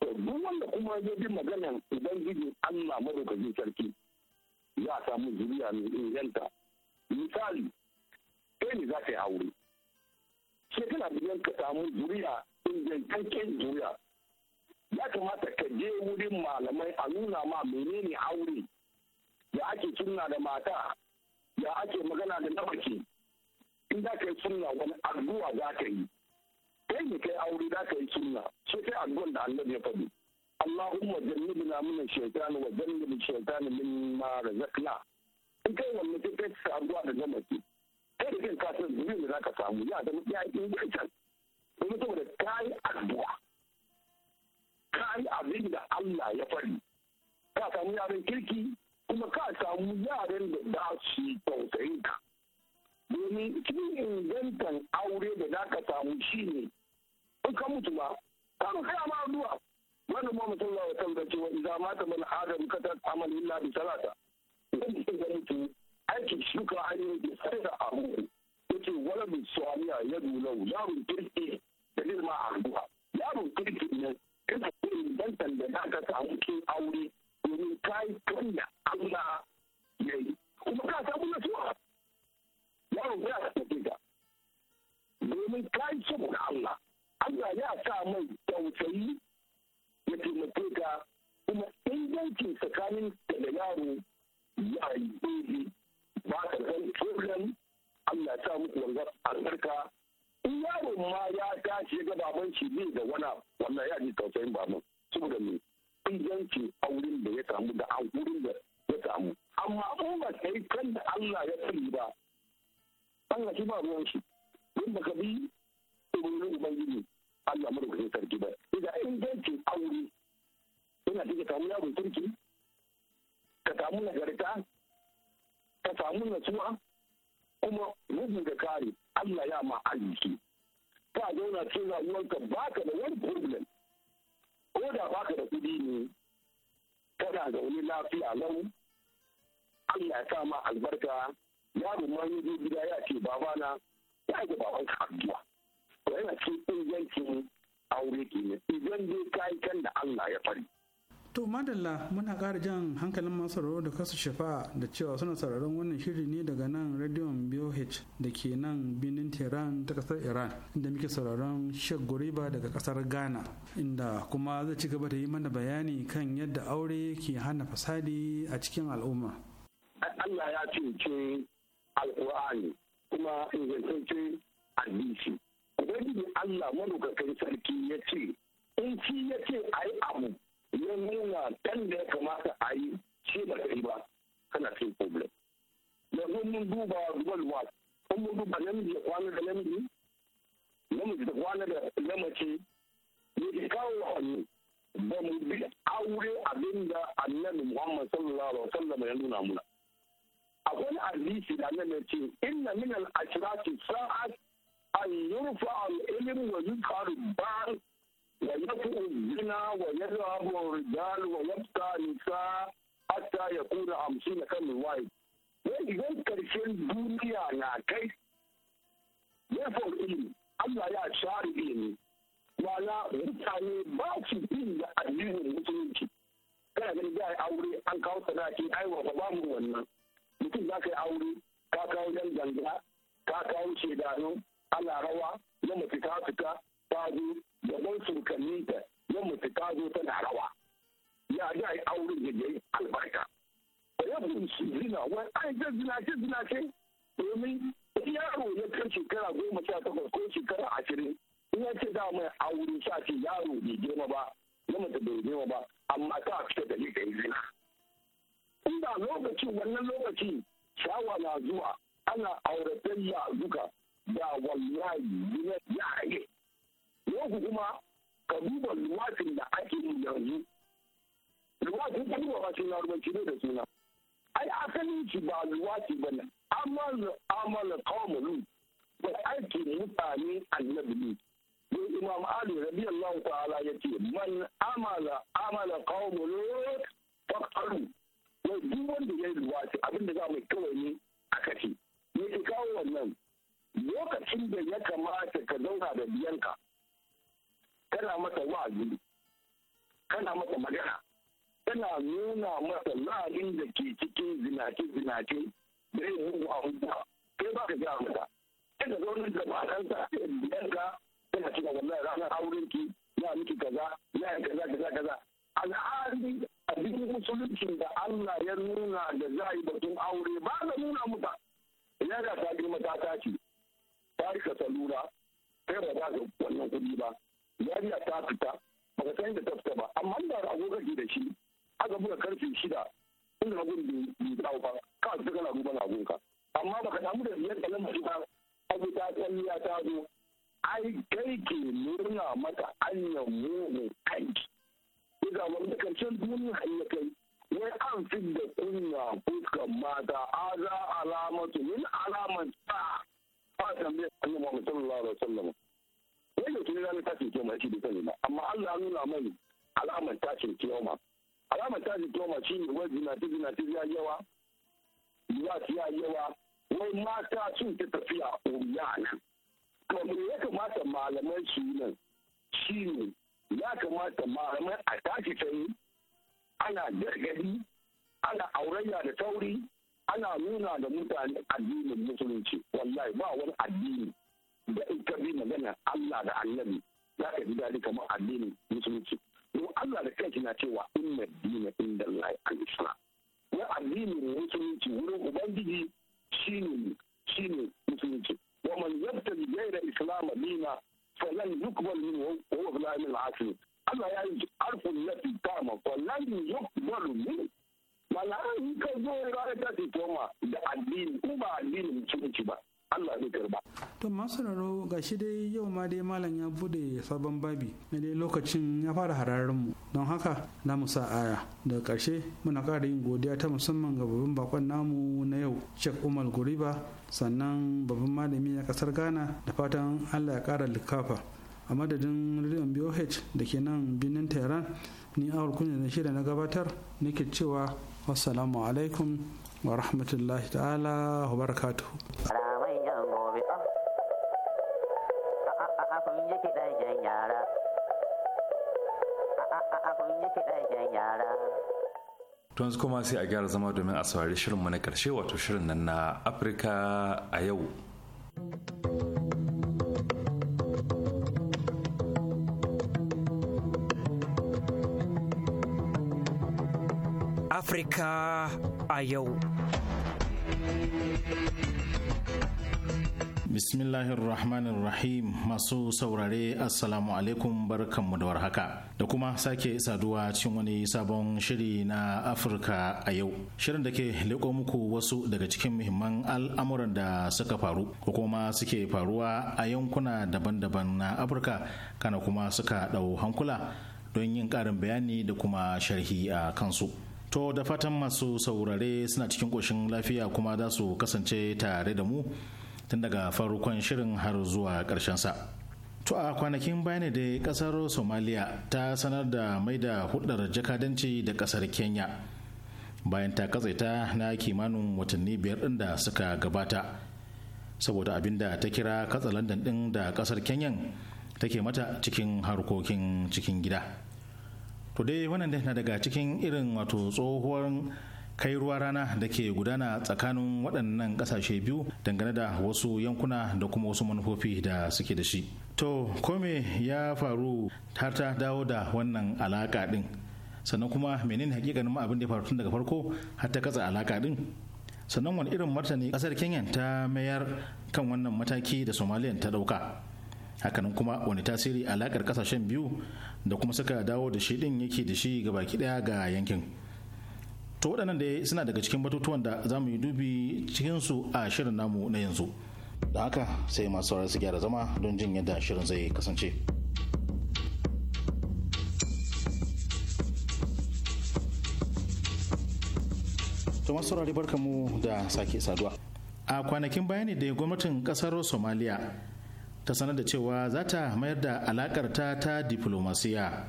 duk wanda kuma ya bi maganan ubangijin Allah madaukakin sarki ya samu zuriya mai inganta misali kai ne za ka yi aure sai kana bugan ka samu zuriya ingantaccen zuriya ya kamata ka je wurin malamai a nuna ma menene aure ya ake sunna da mata ya ake magana da namaki in za ka yi sunna wani addu'a za ka yi kai ne kai aure za ka yi sunna sai kai addu'an da annabi ya faɗi Allahumma jannibna min ash-shaytan wa jannib ash-shaytan mimma razaqna in kai wannan kai addu'a da namaki ƙarfin kasar zubin da za ka samu ya zama ya yi ingantar domin saboda ka yi addu'a ka yi abin da Allah ya fari ka samu yaren kirki kuma ka samu yaren da za su tausayin ka domin cikin ingantan aure da za ka samu shi ne in ka mutu ba ka mu kai ma addu'a wanda ma mutum ya wa tambace wa idza mata adam kata amalin illa salata mutum aikin shuka ainihin da sai da abu ce wani mai suwaniya ya nuna yaron kirki da zai ma ruwa. yaron kirki ne in kuma kuri dantan da ka samu ke aure domin ka yi kanya Allah ya yi kuma ka samu na suwa yaron ya tafi ka domin ka yi da Allah Allah ya sa mai tausayi ya taimake ka kuma ingancin tsakanin da yaro ya yi daidai baban shi da wani wannan ya ji tausayin baban kasu shafa da cewa suna sauraron wannan shiri ne daga nan radiyon BOH da ke nan binin Tehran ta kasar Iran inda muke sauraron Sheikh Goriba daga kasar Ghana inda kuma zai ci gaba da yi mana bayani kan yadda aure ke hana fasadi a cikin al'umma. Allah ya cece kuma ingantacce hadisi. Ubangiji Allah madaukakan sarki ya ce in ya ce a yi abu ya nuna kan da ya kamata a yi ba kana cin problem da mun duba world wide kun mun duba namiji ya kwana da namiji namiji da kwana da namace ne ke kawo hannu ba mu bi aure abinda annabi Muhammad sallallahu alaihi wasallam ya nuna muna akwai hadisi da annabi ce inna min al-ashrati sa'at an yurfa al-ilm wa yuzkar bad wa yafu zina wa yadhabu rijal wa yabqa nisa' ya kuna hamsin na kan wani idan karshen duniya na kai yafon ilimi Allah ya share ilimi wala mutane ba su bin da addinin musulunci kana gani za a yi aure an kawo sadaki aiwa ba ba mu wannan mutum za ka yi aure ka kawo dan ganga ka kawo shedano ana rawa na mace ta fita ta zo gaban ta na mace ta zo tana rawa ya da yi aure da albarka ya fahimci zina wai ai zinace zinace domin yaro ya kai shekara goma sha takwas ko shekara ashirin in ya ce da mai aure sa ce yaro bai girma ba na mace bai girma ba amma ta fita da ka yi zina. Inda lokaci wannan lokaci shawa na zuwa ana auratayya duka da wallahi zina ya Yau kuma ka duba luwatin da ake yi yanzu. Luwatin kuma ba shi na rubanci ne da suna. ai asalin shi ba luwaci ba ne amala amala kawamalu da aiki mutane annabi ne don imam ali radiyallahu ta'ala ya ce man amala amala kawamalu fakaru wai duk wanda ya yi abin abinda za mu kawai ne a kashi ne ke kawo wannan lokacin da ya kamata ka zauna da biyanka kana masa wa'azi kana masa magana tana nuna masa la'anin da ke cikin zinace-zinace da yin mugu a hujja kai ba ka gaya mata sai ka zaunar da matansa biyar ka tana cika wallahi ranar auren ki ya miki kaza ya yi kaza kaza kaza al'adi a cikin musulunci da Allah ya nuna da za a yi batun aure ba ka nuna muta ya ga ta girma ta tashi ta rika salura kai ba za ka wannan kuɗi ba mu sa aya daga karshe muna kara yin godiya ta musamman ga babban bakon namu na yau cek Umar Guriba sannan babban malami na kasar Ghana da fatan Allah ya kara likafa a madadin rediyon BOH da ke nan birnin Tehran ni awar kunya na shida na gabatar nake cewa wassalamu alaikum wa rahmatullahi ta'ala wa barakatuhu tun kuma sai a gyara zama domin a saurari shirin na karshe wato shirin nan na afirka a yau afirka a yau bismillahir masu saurare assalamu alaikum barkanmu da warhaka da kuma sake saduwa cikin wani sabon shiri na afirka a yau shirin da ke leko muku wasu daga cikin muhimman al'amuran da suka faru ko kuma suke faruwa a yankuna daban-daban na afirka kana kuma suka ɗau hankula don yin ƙarin bayani da kuma sharhi a kansu To da fatan masu saurare suna cikin ƙoshin lafiya kuma za su kasance tare da mu tun daga farkon shirin har zuwa ƙarshen sa. To a kwanakin baya da kasar Somalia ta sanar da mai da hudar jakadanci da kasar Kenya bayan ta katsaita na kimanin watanni biyar ɗin da suka gabata saboda abin da ta kira katsalandan ɗin da kasar kenya take mata cikin harkokin cikin gida. To dai wannan na daga cikin irin wato tsohuwar kai ruwa rana da ke gudana tsakanin waɗannan ƙasashe biyu dangane da wasu yankuna da kuma wasu manufofi da suke da shi to kome ya faru har ta dawo da wannan alaƙa ɗin sannan kuma menene hakikanin ma abin da ya faru tun daga farko har ta katsa alaƙa ɗin sannan wani irin martani ƙasar kenya ta mayar kan wannan mataki da somaliya ta ɗauka hakanan kuma wani tasiri alaƙar ƙasashen biyu da kuma suka dawo da shi din yake da shi gabaki baki ɗaya ga yankin to waɗannan da suna daga cikin batutuwan da za mu yi dubi cikinsu a shirin namu na yanzu da haka sai masu saurari su gyara zama don jin yadda shirin zai kasance to saurari saurari barkamu da sake saduwa a kwanakin bayani ne da gwamnatin kasar somaliya ta sanar da cewa za ta mayar da alaƙarta ta diplomasiya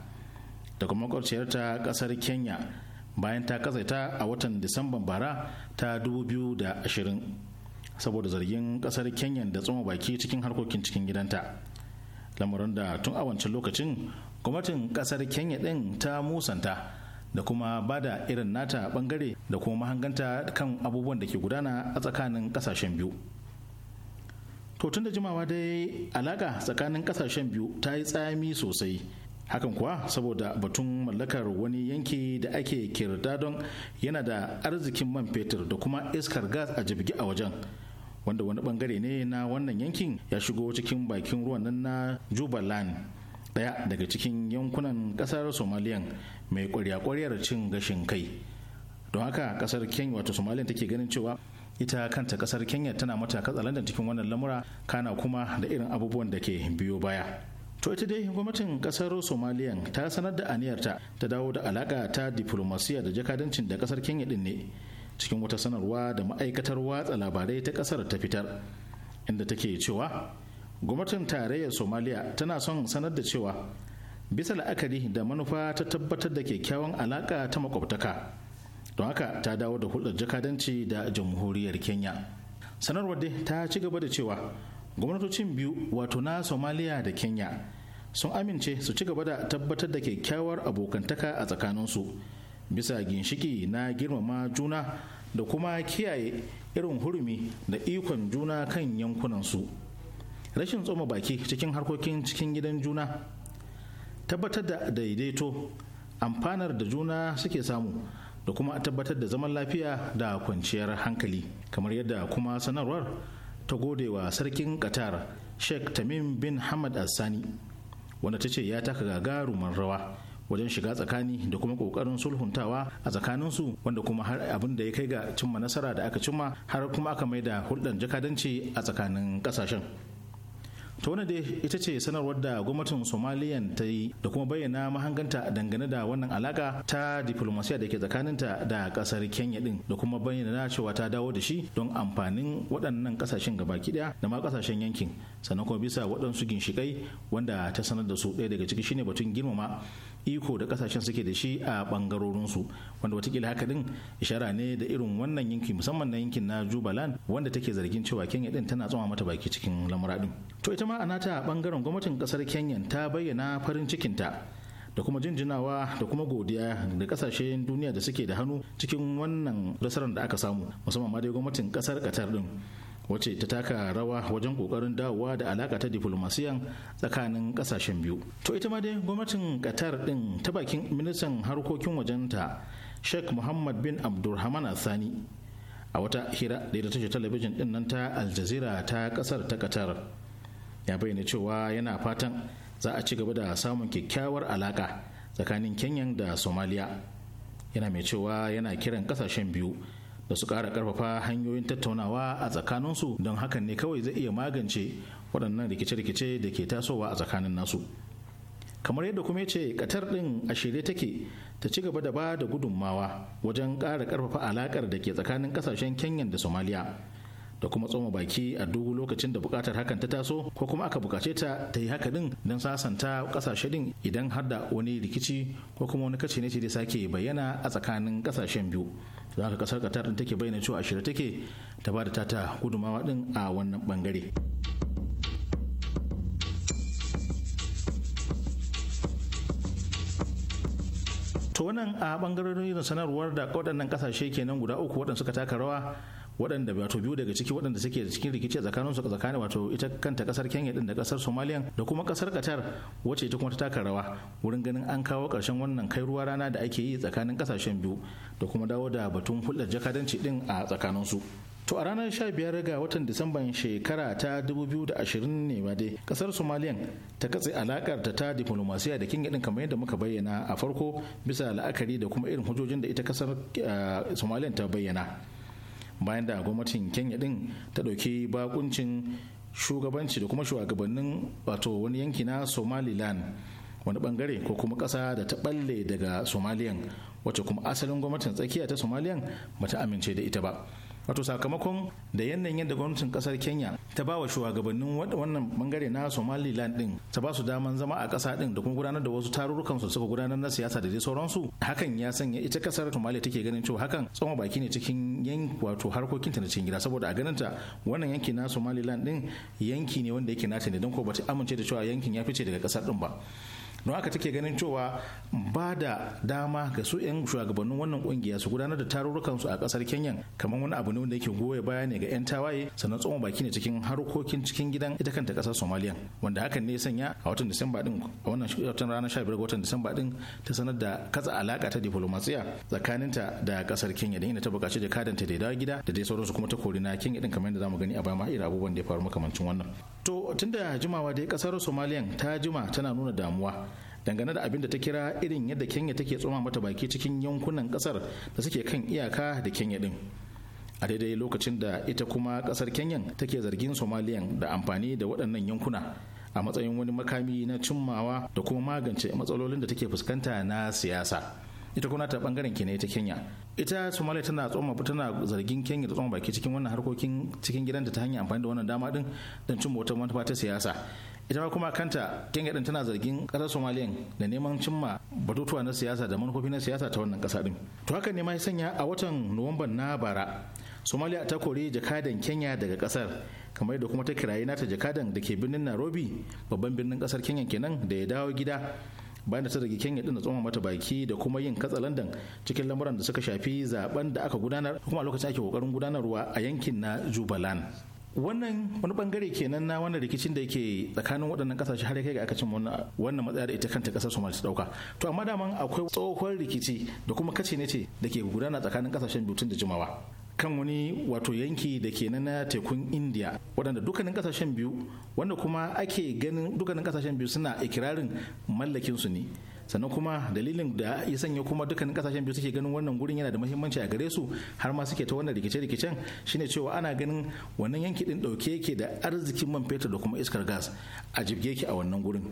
da kuma makwabciyarta kasar kenya bayan ta kasaita a watan disamban bara ta 2020 saboda zargin kasar kenya da tsoma baki cikin harkokin cikin gidanta lamarin da tun a wancan lokacin gwamnatin kasar kenya din ta musanta da kuma ba da irin nata bangare da kuma mahanganta kan abubuwan da ke gudana a tsakanin kasashen biyu to tun da jimawa dai alaka tsakanin kasashen biyu ta yi tsami sosai hakan kuwa saboda batun mallakar wani yanki da ake kirda don yana da arzikin man fetur da kuma iskar gas a jibgi a wajen wanda wani bangare ne na wannan yankin ya shigo cikin bakin ruwan nan na jubaland daya daga cikin yankunan kasar somaliyan mai kwarya-kwaryar cin gashin kai don haka kasar kenya wato somaliyan take ganin cewa ita kanta kasar kenya tana mata katsalandan cikin wannan lamura kana kuma da irin abubuwan da ke biyo baya to ita dai gwamnatin kasar somaliya ta sanar da aniyarta ta dawo da alaka ta diplomasiya da jakadancin da kasar kenya din ne cikin wata sanarwa da ma'aikatar watsa labarai ta kasar ta fitar inda take cewa gwamnatin tarayyar somaliya tana son sanar da cewa bisa la'akari da manufa ta tabbatar da kyakkyawan alaka ta makwabtaka don haka ta dawo da hulɗar jakadanci da jamhuriyar kenya sanarwar dai ta ci gaba da cewa gwamnatocin biyu wato na somaliya da kenya sun amince su ci gaba da tabbatar da kyakkyawar abokantaka a tsakaninsu bisa ginshiki na girmama juna da kuma kiyaye irin hurumi da ikon juna kan yankunansu rashin tsoma baki cikin harkokin cikin gidan juna tabbatar da daidaito amfanar da juna suke samu da kuma tabbatar da zaman lafiya da kwanciyar hankali kamar yadda kuma sanarwar ta gode wa sarkin qatar sheikh tamim bin hamad al-sani wanda ta ce ya taka gagarumar rawa wajen shiga tsakani da kuma kokarin sulhuntawa a tsakanin su wanda kuma har abin da ya kai ga cimma nasara da aka cimma har kuma aka mai da hulɗar jakadanci a tsakanin ƙasashen. ta wani dai ita ce sanarwar da gwamnatin somaliyan ta yi da kuma bayyana mahanganta dangane da wannan alaka ta diplomasiya da ke tsakaninta da kasar kenya din da kuma bayyana cewa ta dawo da shi don amfanin waɗannan kasashen gabaki ɗaya da ma kasashen yankin sannan kuma bisa waɗansu ginshikai wanda ta sanar da su ɗaya daga ciki shine batun girmama iko da kasashen suke da shi a bangarorinsu wanda watakila haka din ishara ne da irin wannan yanki musamman na yankin na jubaland wanda take zargin cewa kenya din tana tsoma mata baki cikin lamura din to ita ma anata bangaren gwamnatin kasar kenya ta bayyana farin cikinta da kuma jinjinawa da kuma godiya da kasashen duniya da suke da hannu cikin wannan nasarar da aka samu musamman ma dai gwamnatin kasar qatar din wacce ta taka rawa wajen kokarin dawowa da alaka ta diflomasiyan tsakanin kasashen biyu to ita ma dai gwamnatin qatar din ta bakin ministan harkokin wajenta sheikh muhammad bin abdulrahman Sani, a wata hira da ta tashar talabijin din nan ta aljazira ta kasar ta qatar ya bayyana cewa yana fatan za a ci gaba da samun kyakkyawar alaka tsakanin Kenya da somaliya yana mai cewa yana kiran kasashen biyu da su ƙara ƙarfafa hanyoyin tattaunawa a tsakaninsu don hakan ne kawai zai iya magance waɗannan rikice-rikice da ke tasowa a tsakanin nasu kamar yadda kuma ce ƙatar ɗin a shirye take ta ci gaba da ba da gudunmawa wajen ƙara ƙarfafa alaƙar da ke tsakanin ƙasashen kenya da somaliya da kuma tsoma baki a duk lokacin da bukatar hakan ta taso ko kuma aka bukace ta ta yi haka din don sasanta kasashe din idan har da wani rikici ko kuma wani kace ne ce da sake bayyana a tsakanin kasashen biyu za ka kasar katar din take bayyana cewa ashirin take ta bada ta ta gudumawa din a wannan bangare. to wannan a bangarorin sanarwar da waɗannan kasashe kenan guda uku waɗanda suka taka rawa waɗanda wato biyu daga ciki waɗanda suke cikin rikici su tsakanin wato ita kanta kasar kenya din da kasar somalia da kuma kasar qatar wacce ita kuma ta taka rawa wurin ganin an kawo ƙarshen wannan kai ruwa rana da ake yi tsakanin kasashen biyu da kuma dawo da batun hulɗar jakadanci din a tsakanin su. To a ranar 15 ga watan Disamban shekara ta 2020 ne ma dai kasar Somaliyan ta katse alakar ta ta diplomasiya da kenya din kamar yadda muka bayyana a farko bisa la'akari da kuma irin hujojin da ita kasar eh, Somalia ta bayyana. bayan da gwamnatin kenya din ta dauki bakuncin shugabanci da kuma shugabannin wato wani yanki na somaliland wani bangare ko kuma kasa da ta balle daga somaliyan wacce kuma asalin gwamnatin tsakiya ta somaliyan ba ta amince da ita ba wato sakamakon da yanayin yadda gwamnatin kasar kenya ta ba wa shugabannin wannan bangare na somaliland din ta ba su daman zama a kasa din da kuma gudanar da wasu tarurrukan su suka gudanar na siyasa da dai sauransu hakan ya sanya ita kasar somalia take ganin cewa hakan tsawon baki ne cikin yanki wato harkokin ta na cikin gida saboda a ganin ta wannan yanki na somaliland din yanki ne wanda yake nata ne don ko bata amince da cewa yankin ya fice daga kasar din ba don haka take ganin cewa ba da dama ga su 'yan shugabannin wannan kungiya su gudanar da tarurrukan su a kasar kenya kamar wani abu ne wanda yake goya baya ne ga 'yan tawaye sannan tsohon baki ne cikin harkokin cikin gidan ita kanta kasar somalia wanda hakan ne ya sanya a watan disamba din a wannan watan ranar 15 ga watan disamba din ta sanar da katsa alaka ta diplomasiya tsakaninta da kasar kenya da ina ta bukaci da kadanta da dawo gida da dai sauransu kuma ta kori na kenya din kamar yadda zamu gani a baya ma irin abubuwan da ya faru makamancin wannan to da jimawa dai kasar somaliyan ta jima tana nuna damuwa dangane da abin da ta kira irin yadda kenya take tsoma mata baki cikin yankunan kasar da suke kan iyaka da kenya din a daidai lokacin da ita kuma kasar kenyan take zargin somaliyan da amfani da waɗannan yankuna a matsayin wani makami na cimmawa da kuma magance matsalolin da take fuskanta na siyasa ita kuna ta bangaren ke ita kenya ita somalia tana tsoma tana zargin kenya da tsoma baki cikin wannan harkokin cikin gidanta ta hanyar amfani da wannan dama din don cin wata manufa ta siyasa ita ma kuma kanta kenya din tana zargin kasar somalia da neman cimma batutuwa na siyasa da manufofi na siyasa ta wannan kasa din to haka ne ma ya sanya a watan nuwamban na bara somaliya ta kori jakadan kenya daga kasar kamar da kuma ta kiraye nata jakadan da ke birnin nairobi babban birnin kasar kenya kenan da ya dawo gida bayan da ta rage kenya din da tsoma mata baki da kuma yin katsalandan cikin lamuran da suka shafi zaben da aka gudanar kuma a lokacin ake kokarin gudanarwa a yankin na jubalan wannan wani bangare kenan na wannan rikicin da yake tsakanin waɗannan kasashe har kai ga aka cin wannan matsaya da ita kanta ƙasar Somalia ta dauka to amma daman akwai tsohon rikici da kuma kace ne ce da ke gudana tsakanin kasashen biyu da jimawa kan wani wato yanki da ke na tekun india waɗanda dukkanin ƙasashen biyu wanda kuma ake ganin dukkanin ƙasashen biyu suna ikirarin mallakin su ne sannan kuma dalilin da ya sanya kuma dukkanin kasashen biyu suke ganin wannan gurin yana da muhimmanci a gare su har ma suke ta wannan rikice-rikicen shine cewa ana ganin wannan yanki ɗin ɗauke yake da arzikin man fetur da kuma iskar gas a jibge yake a wannan gurin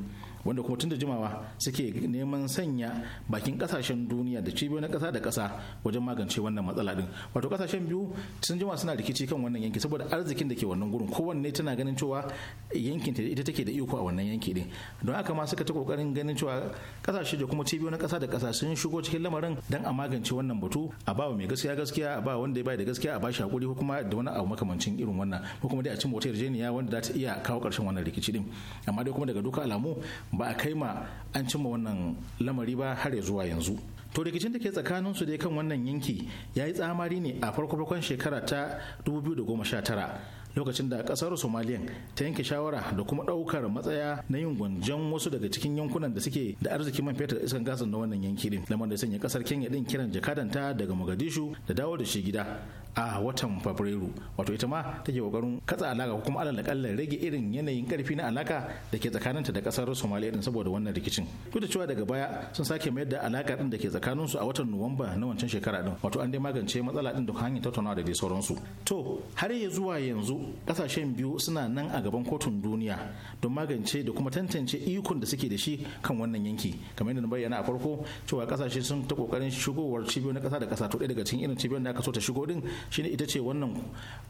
wanda kuma tun da jimawa suke neman sanya bakin kasashen duniya da cibiyoyin kasa da kasa wajen magance wannan matsala din wato kasashen biyu sun jima suna rikici kan wannan yanki saboda arzikin da ke wannan gurin kowanne tana ganin cewa yankin ta ita take da iko a wannan yanki din don haka ma suka ta kokarin ganin cewa kasashe da kuma cibiyoyin kasa da kasa sun shigo cikin lamarin Don a magance wannan batu a ba mai gaskiya gaskiya a ba wanda ya bai da gaskiya a ba shi hakuri ko kuma da wani abu makamancin irin wannan ko kuma dai a cin wata yarjejeniya wanda za ta iya kawo karshen wannan rikici din amma dai kuma daga duka alamu ba a kai ma an cimma wannan lamari ba har ya zuwa yanzu to rikicin da ke tsakanin su dai kan wannan yanki ya yi tsamari ne a farko farkon shekara ta 2019 lokacin da kasar somaliyan ta yanke shawara da kuma daukar matsaya na yin gwanjan wasu daga cikin yankunan da suke da arziki man fetur iskan gasan na wannan yanki din lamar da sanya kasar kenya din kiran jakadanta daga mogadishu da dawo da shi gida a watan fabrairu wato ita ma take kokarin katsa alaka kuma alal kallan rage irin yanayin karfi na alaka da ke tsakaninta da kasar somaliya din saboda wannan rikicin duk da cewa daga baya sun sake mayar da alaka din da ke tsakanin a watan nuwamba na wancan shekara din wato an dai magance matsala din da hanyar tattaunawa da dai sauransu to har ya zuwa yanzu kasashen biyu suna nan a gaban kotun duniya don magance da kuma tantance ikon da suke da shi kan wannan yanki kamar yadda na bayyana a farko cewa kasashe sun ta kokarin shigowar cibiyoyin na kasa da kasa to daga cikin irin cibiyoyin da aka so ta shigo din shine ita ce wannan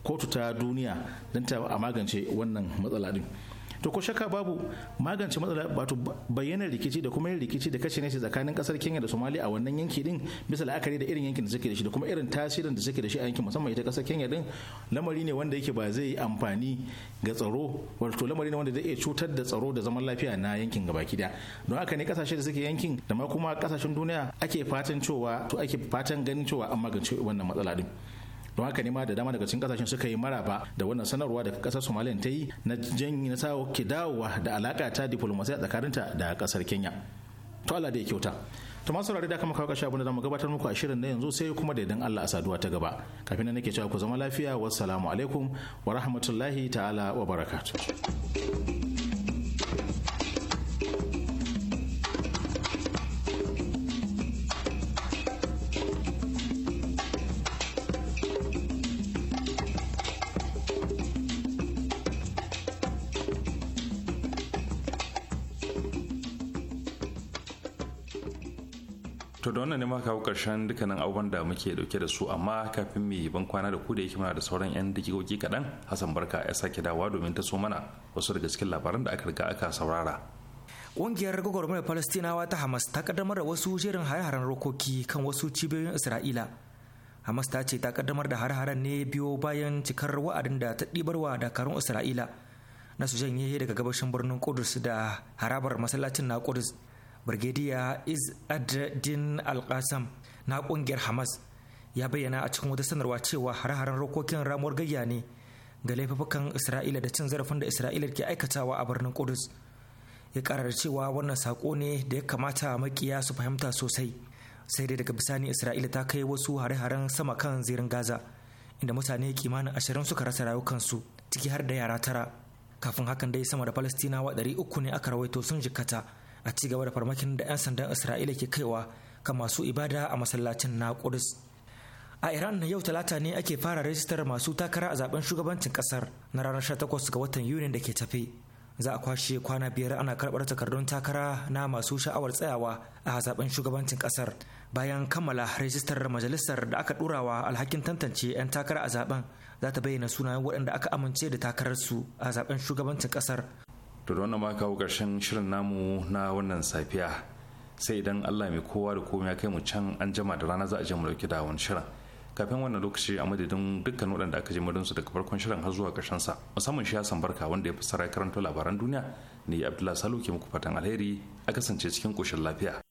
kotu ta duniya don ta a magance wannan matsala din to ko shakka babu magance matsala wato bayyana rikici da kuma yin rikici da kashe nashi tsakanin kasar Kenya da Somalia a wannan yanki din bisa la'akari da irin yankin da suke da shi da kuma irin tasirin da suke da shi a yankin musamman ita kasar Kenya din lamari ne wanda yake ba zai yi amfani ga tsaro wato lamari ne wanda zai iya cutar da tsaro da zaman lafiya na yankin gabaki daya don haka ne kasashe da suke yankin da ma kuma kasashen duniya ake fatan cewa to ake fatan ganin cewa an magance wannan matsala din don haka nema da dama daga cikin kasashen suka yi maraba da wannan sanarwa da kasar somaliya ta yi na janyi na sawo ke dawowa da alaka ta diplomasiya tsakaninta da kasar kenya to allah da ya kyauta to masu da kama kawo kashi abinda zamu gabatar muku a shirin na yanzu sai kuma da idan allah a saduwa ta gaba kafin nan nake cewa ku zama lafiya wassalamu alaikum wa rahmatullahi ta'ala wa barakatuh to da wannan ne ma kawo karshen dukkanin abubuwan da muke dauke da su amma kafin mu ban kwana da ku da yake muna da sauran yan dakikoki kaɗan hassan barka ya sake dawa domin ta so mana wasu daga cikin labaran da aka riga aka saurara Ƙungiyar gwagwarmayar Falastinawa ta Hamas ta kaddamar da wasu jerin hare-haren rokoki kan wasu cibiyoyin Isra'ila. Hamas ta ce ta kaddamar da hare-haren ne biyo bayan cikar wa'adin da ta ɗibarwa dakarun Isra'ila na su janye daga gabashin birnin Kudus da harabar masallacin na Kudus. Brigadier Iz adadin al na kungiyar Hamas ya bayyana a cikin wata sanarwa cewa har-haren rokokin ramuwar gayya ne ga laifukan Isra'ila da cin zarafin da Isra'ila ke aikatawa a birnin Kudus. Ya karar cewa wannan sako ne da ya kamata makiya su fahimta sosai. Sai dai daga bisani Isra'ila ta kai wasu hare-haren sama kan zirin Gaza inda mutane kimanin ashirin suka rasa rayukansu ciki har da yara tara. Kafin hakan dai sama da Falastinawa ɗari uku ne aka rawaito sun jikkata. a ci gaba da farmakin da 'yan sandan isra'ila ke kaiwa ga masu ibada a masallacin na kudus a iran na yau talata ne ake fara rajistar masu takara a zaben shugabancin kasar na ranar 18 ga watan yuni da ke tafe za a kwashe kwana biyar ana karɓar takardun takara na masu sha'awar tsayawa a zaben shugabancin kasar bayan kammala rajistar majalisar da aka ɗorawa alhakin tantance 'yan takara a zaben za ta bayyana sunayen waɗanda aka amince da takararsu a zaben shugabancin kasar to da wannan ma kawo ƙarshen shirin namu na wannan safiya sai idan allah mai kowa da komai ya kai mu can an jama da rana za a je mu dauki da wani shirin kafin wannan lokaci a madadin dukkan waɗanda aka je murin su daga farkon shirin har zuwa ƙarshen sa musamman shi Hassan Barka wanda ya fassara karanto labaran duniya ne Abdullahi Salo ke muku fatan alheri a kasance cikin koshin lafiya